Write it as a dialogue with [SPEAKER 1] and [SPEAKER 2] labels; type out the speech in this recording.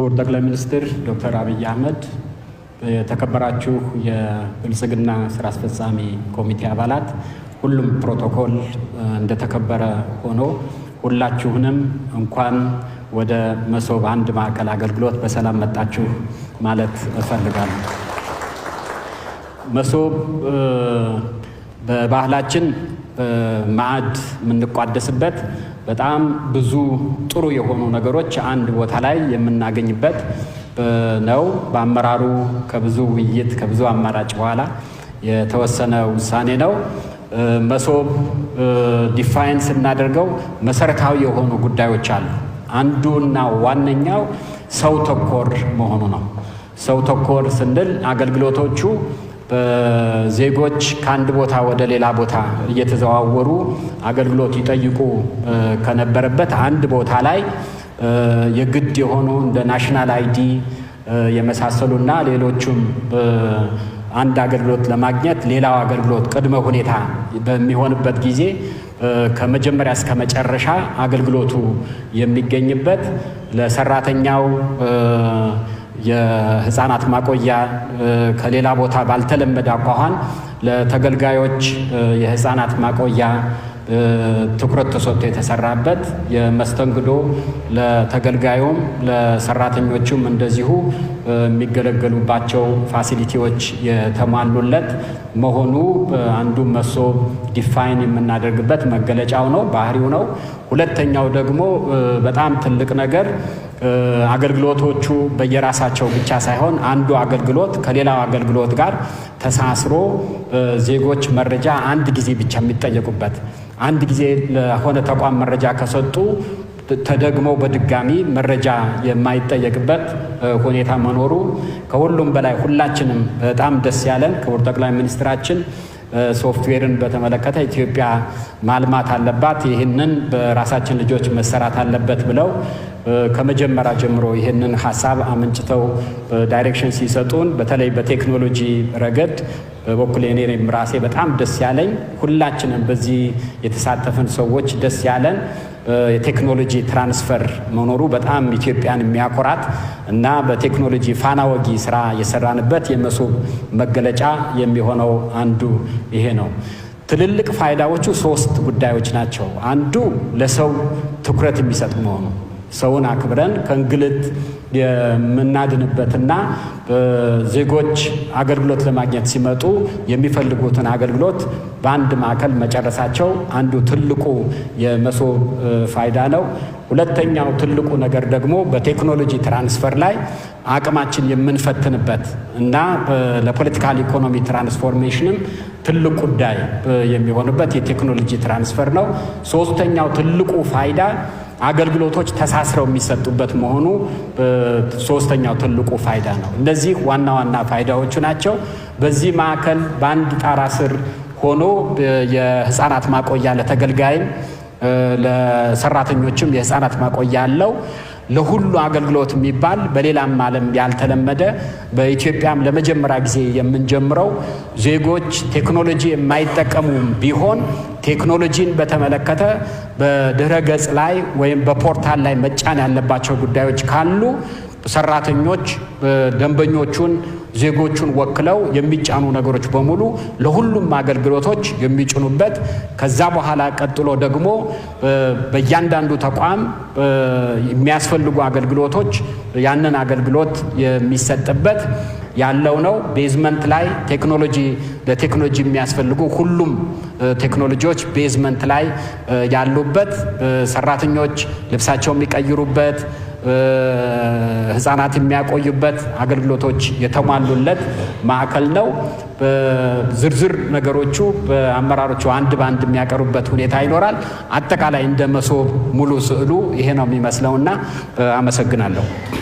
[SPEAKER 1] ክቡር ጠቅላይ ሚኒስትር ዶክተር አብይ አህመድ፣ የተከበራችሁ የብልጽግና ስራ አስፈጻሚ ኮሚቴ አባላት፣ ሁሉም ፕሮቶኮል እንደተከበረ ሆኖ ሁላችሁንም እንኳን ወደ መሶብ አንድ ማዕከል አገልግሎት በሰላም መጣችሁ ማለት እፈልጋለሁ። መሶብ በባህላችን ማዕድ የምንቋደስበት በጣም ብዙ ጥሩ የሆኑ ነገሮች አንድ ቦታ ላይ የምናገኝበት ነው። በአመራሩ ከብዙ ውይይት ከብዙ አማራጭ በኋላ የተወሰነ ውሳኔ ነው። መሶብ ዲፋይን ስናደርገው መሰረታዊ የሆኑ ጉዳዮች አሉ። አንዱና ዋነኛው ሰው ተኮር መሆኑ ነው። ሰው ተኮር ስንል አገልግሎቶቹ ዜጎች ከአንድ ቦታ ወደ ሌላ ቦታ እየተዘዋወሩ አገልግሎት ይጠይቁ ከነበረበት አንድ ቦታ ላይ የግድ የሆኑ እንደ ናሽናል አይዲ የመሳሰሉና ሌሎቹም አንድ አገልግሎት ለማግኘት ሌላው አገልግሎት ቅድመ ሁኔታ በሚሆንበት ጊዜ ከመጀመሪያ እስከ መጨረሻ አገልግሎቱ የሚገኝበት ለሰራተኛው የህፃናት ማቆያ ከሌላ ቦታ ባልተለመደ አኳኋን ለተገልጋዮች የህፃናት ማቆያ ትኩረት ተሰጥቶ የተሰራበት የመስተንግዶ ለተገልጋዩም ለሰራተኞቹም እንደዚሁ የሚገለገሉባቸው ፋሲሊቲዎች የተሟሉለት መሆኑ አንዱ መሶ ዲፋይን የምናደርግበት መገለጫው ነው፣ ባህሪው ነው። ሁለተኛው ደግሞ በጣም ትልቅ ነገር አገልግሎቶቹ በየራሳቸው ብቻ ሳይሆን አንዱ አገልግሎት ከሌላው አገልግሎት ጋር ተሳስሮ ዜጎች መረጃ አንድ ጊዜ ብቻ የሚጠየቁበት አንድ ጊዜ ለሆነ ተቋም መረጃ ከሰጡ ተደግሞ በድጋሚ መረጃ የማይጠየቅበት ሁኔታ መኖሩ ከሁሉም በላይ ሁላችንም በጣም ደስ ያለን ክቡር ጠቅላይ ሚኒስትራችን ሶፍትዌርን በተመለከተ ኢትዮጵያ ማልማት አለባት፣ ይህንን በራሳችን ልጆች መሰራት አለበት ብለው ከመጀመሪያ ጀምሮ ይህንን ሀሳብ አመንጭተው ዳይሬክሽን ሲሰጡን በተለይ በቴክኖሎጂ ረገድ በበኩል እኔ ራሴ በጣም ደስ ያለኝ ሁላችንም በዚህ የተሳተፍን ሰዎች ደስ ያለን የቴክኖሎጂ ትራንስፈር መኖሩ በጣም ኢትዮጵያን የሚያኮራት እና በቴክኖሎጂ ፋና ወጊ ስራ የሰራንበት የመሶብ መገለጫ የሚሆነው አንዱ ይሄ ነው። ትልልቅ ፋይዳዎቹ ሶስት ጉዳዮች ናቸው። አንዱ ለሰው ትኩረት የሚሰጥ መሆኑ ሰውን አክብረን ከእንግልት የምናድንበትና ዜጎች አገልግሎት ለማግኘት ሲመጡ የሚፈልጉትን አገልግሎት በአንድ ማዕከል መጨረሳቸው አንዱ ትልቁ የመሶብ ፋይዳ ነው። ሁለተኛው ትልቁ ነገር ደግሞ በቴክኖሎጂ ትራንስፈር ላይ አቅማችን የምንፈትንበት እና ለፖለቲካል ኢኮኖሚ ትራንስፎርሜሽንም ትልቅ ጉዳይ የሚሆንበት የቴክኖሎጂ ትራንስፈር ነው። ሶስተኛው ትልቁ ፋይዳ አገልግሎቶች ተሳስረው የሚሰጡበት መሆኑ ሶስተኛው ትልቁ ፋይዳ ነው። እነዚህ ዋና ዋና ፋይዳዎቹ ናቸው። በዚህ ማዕከል በአንድ ጣራ ስር ሆኖ የህፃናት ማቆያ ለተገልጋይም ለሰራተኞችም የህፃናት ማቆያ አለው። ለሁሉ አገልግሎት የሚባል በሌላም ዓለም ያልተለመደ በኢትዮጵያም ለመጀመሪያ ጊዜ የምንጀምረው ዜጎች ቴክኖሎጂ የማይጠቀሙ ቢሆን ቴክኖሎጂን በተመለከተ በድረ ገጽ ላይ ወይም በፖርታል ላይ መጫን ያለባቸው ጉዳዮች ካሉ ሰራተኞች ደንበኞቹን፣ ዜጎቹን ወክለው የሚጫኑ ነገሮች በሙሉ ለሁሉም አገልግሎቶች የሚጭኑበት ከዛ በኋላ ቀጥሎ ደግሞ በእያንዳንዱ ተቋም የሚያስፈልጉ አገልግሎቶች ያንን አገልግሎት የሚሰጥበት ያለው ነው። ቤዝመንት ላይ ቴክኖሎጂ ለቴክኖሎጂ የሚያስፈልጉ ሁሉም ቴክኖሎጂዎች ቤዝመንት ላይ ያሉበት ሰራተኞች ልብሳቸው የሚቀይሩበት ህፃናት የሚያቆዩበት አገልግሎቶች የተሟሉለት ማዕከል ነው። ዝርዝር ነገሮቹ በአመራሮቹ አንድ በአንድ የሚያቀርቡበት ሁኔታ ይኖራል። አጠቃላይ እንደ መሶብ ሙሉ ስዕሉ ይሄ ነው የሚመስለውና አመሰግናለሁ።